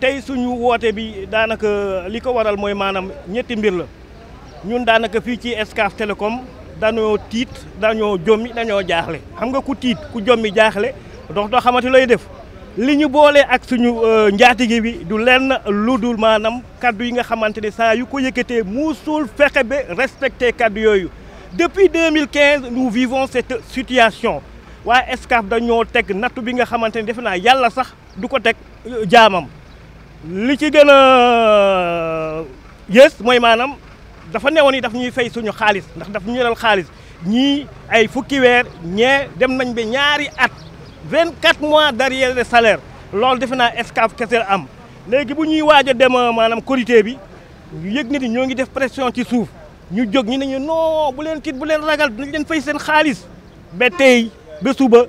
tay suñu woote bi danaka liko waral moy manam ñetti mbir la ñun danaka fi ci Excaf Telecom dañoo tit dañoo jommi dañoo jaxlé xam nga ku tit ku jommi jaxlé dox do xamante lay def liñu bolé ak suñu euh, gi bi du lenn lu manam kaddu yi nga xamanteni sa yu ko yëkkatee musul fexé be respecté kaddu yoyu depuis 2015 nous vivons cette situation waa Excaf dañoo teg nattu bi nga xamanteni def na yalla sax du ko teg euh, jaamam li ci gën a yées mooy maanaam dafa newoon yi daf ñuy fay suñu xaalis ndax daf ñu doon xaalis ñii ay fukki weer ñee dem nañ ba ñaari at 24 mois d'arriérés de salaire loolu defe naa Excaf kese la am léegi bu ñuy waaj a dem maanaam korité bi yëg na ni ñoo ngi def pression ci suuf ñu jóg ñu ne ñu non bu leen tiit bu leen ragal dinañ leen fay seen xaalis ba tey ba suba.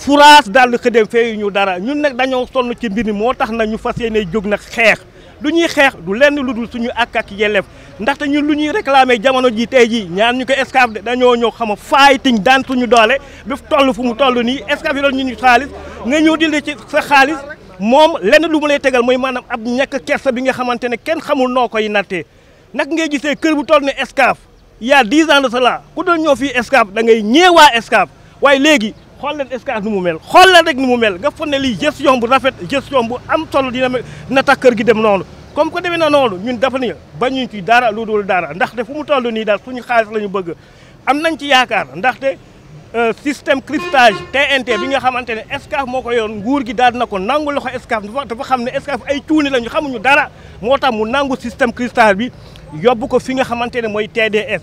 furaas daal di xëdem feeyu ñu dara ñun nag dañoo sonn ci mbir mi moo tax na ñu fas yéene jóg nag xeex lu ñuy xeex du lenn lu dul suñu ak ak yelleef ndaxte ñu lu ñuy réclamer jamono ji tey jii ñaan ñu ko escaf de dañoo ñëw xam a faaytiñ daan suñu doole bi toll fu mu toll nii escaf yi doon ñu ñu xaalis nga ñëw dindi ci sa xaalis moom lenn lu mu lay tegal mooy maanaam ab ñàkk kersa bi nga xamante ne kenn xamul noo koy nattee nag ngay gisee kër bu toll ne escaf il y a dix ku doon ñëw fii escaf da ngay ñeewaa escaf waaye léegi xool leen Escale nu mu mel xool leen rek nu mu mel nga foog ne lii gestion bu rafet gestion bu am solo dina na tax kër gi dem noonu comme que demee na noonu ñun dafa ba bañuñ ci dara lu dul dara ndaxte fu mu toll nii daal suñu xaalis la ñu bëgg am nañ ci yaakaar ndaxte euh, système cryptage TNT bi nga xamante ne Excaf moo ko yoon nguur gi daal na ko nangu loxo Excaf dafa xam ne Excaf ay cuuni la ñu xamuñu dara moo tax mu nangu système cryptage bi yóbbu ko fi nga xamante ne mooy TDS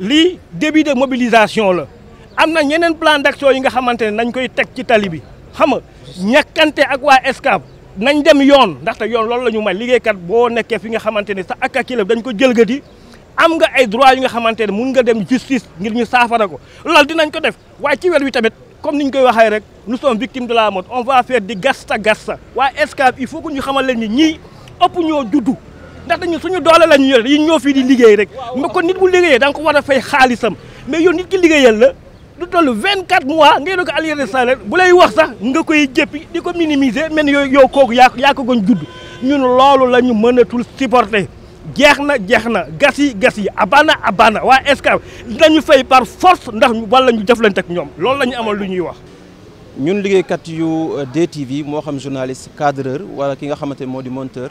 Li début de mobilisation la Amna ñeneen plan d'action yi nga xamantene nañ koy tek ci tali bi xam nga ñàkkante ak wa escape nañ dem yoon ndaxte yoon loolu lañu may may kat bo nekkee fi nga xamantene sa ak akila dañ ko jëlgati am nga ay droit yi nga xamantene mën nga dem justice ngir ñu na ko loolu dinañ ko def waaye ci wet wi tamit comme niñ koy waxee rek nous sommes victimes de la mode on va faire di gasta gasta wa escape il faut que ñu xamal leen ni ñi ëpp ñoo juddu ndax dañu suñu doole la ñu yore dañu ñëw fii di liggéey rek mais kon nit bu liggéeyee da nga ko war a fay xaalisam mais yow nit ki liggéeyal la du toll vingt quatre mois ngay doog a alléger bu lay wax sax nga koy jëppi di ko minimiser men ni yow kooku yaa yaa ko goñ judd ñun loolu la ñu mënatul supporter jeex na jeex na gas yi gas yi a abana waa Excaf dinañu fay par force ndax wala ñu jëflante ak ñoom loolu la ñu amal lu ñuy wax. ñun liggéeykat yu euh, DTV moo xam journaliste cadreur wala ki nga xamante moo di monteur.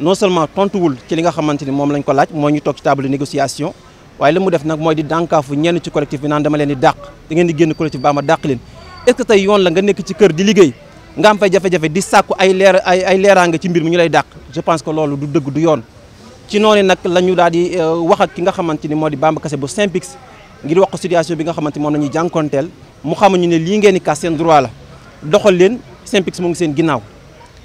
non seulement tontuwul ci li nga xamanteni mom lañ ko laaj mooy ñu tok ci table de négociation waye li mu def nak moy di dankafu ñen ci collectif bi naan dama leen di dakk da ngeen di génn collectif baa ma dàq leen est-ce que tey yoon la nga nekk ci kër di liggéey nga am fay jafé jafé di sàkku ay lér ay ay leeraanga ci mbir mi ñu lay dakk je pense que loolu du deug du yoon ci noni nak lañu ñu euh, wax ak ki nga xamanteni ni di Bamba Kassé bu Synpics ngir wax situation bi nga xamanteni moom la jankontel mu xamu ñu ne li ngeen di kas seen droit la doxal leen Synpics mo ngi seen ginnaaw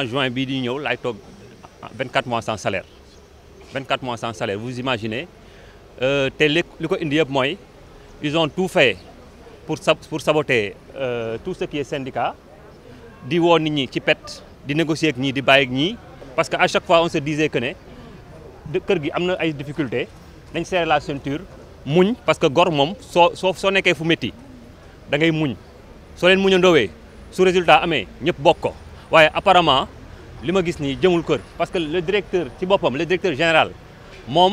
en juin bii di a 24 mois sans salaire 24 mois sans salaire vous imaginez Euh, li ils ont tout fait pour pour saboter euh, tout ce qui est syndicat di ont nit ñi ci pet négocier ak ñii di bàyyi parce qu'à chaque fois on se disait que la maison gi am na ay difficultés nañ la ceinture muñ parce que gor moom soo est soo nekkee fu métti da ngay muñ soo leen muñ a ndoowee le résultat amee ñëpp bokk waaye apparemment li ma gis nii jëmul kër parce que le directeur ci boppam le directeur général mom,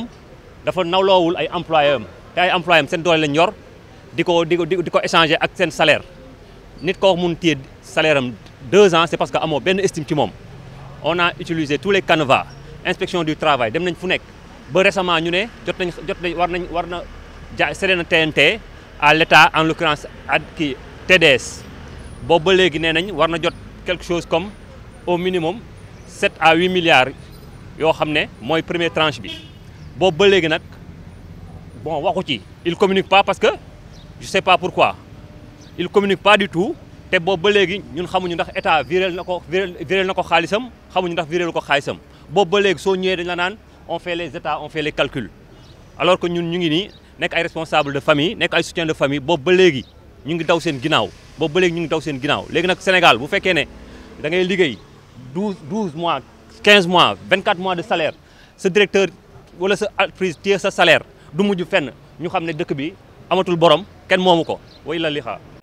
dafa nawloowul ay employé am te ay employé am seen doole lañ yor di ko di échanger ak seen salaire nit koo mun téye salaire am deux ans c'est parce que amoo benn estime ci mom, on a utilisé tous les canevas inspection du travail dem nañ fu nekk ba récemment ñu ne jot nañ jot nañ war nañ war na ja séddee TNT à l'état en l'occurrence ak kii TDS boobu ba léegi nee nañ war na jot quelque chose comme au minimum 7 à 8 milliards yo xamné moy première tranche bi boobu ba légui nak bon waxu ci il communique pas parce que je sais pas pourquoi il communique pas du tout té si ba légui ñun xamuñu ndax état que nako est viréel nako ko xamuñu ndax ko ba légui so dañ la on fait les états on fait les calculs alors que ñun ñu ngi ni ay de famille nek ay soutien de famille boobu ba légui ñu ngi daw seen ginaaw ba bëlee ñu ngi daw seen ginnaaw léegi nag Sénégal bu fekkee ne da ngay liggéey 12 12 mois 15 mois 24 mois de salaire sa directeur wala sa entreprise téye sa salaire du mujj fenn ñu xam ne bi amatul borom kenn moomu ko way la lixaa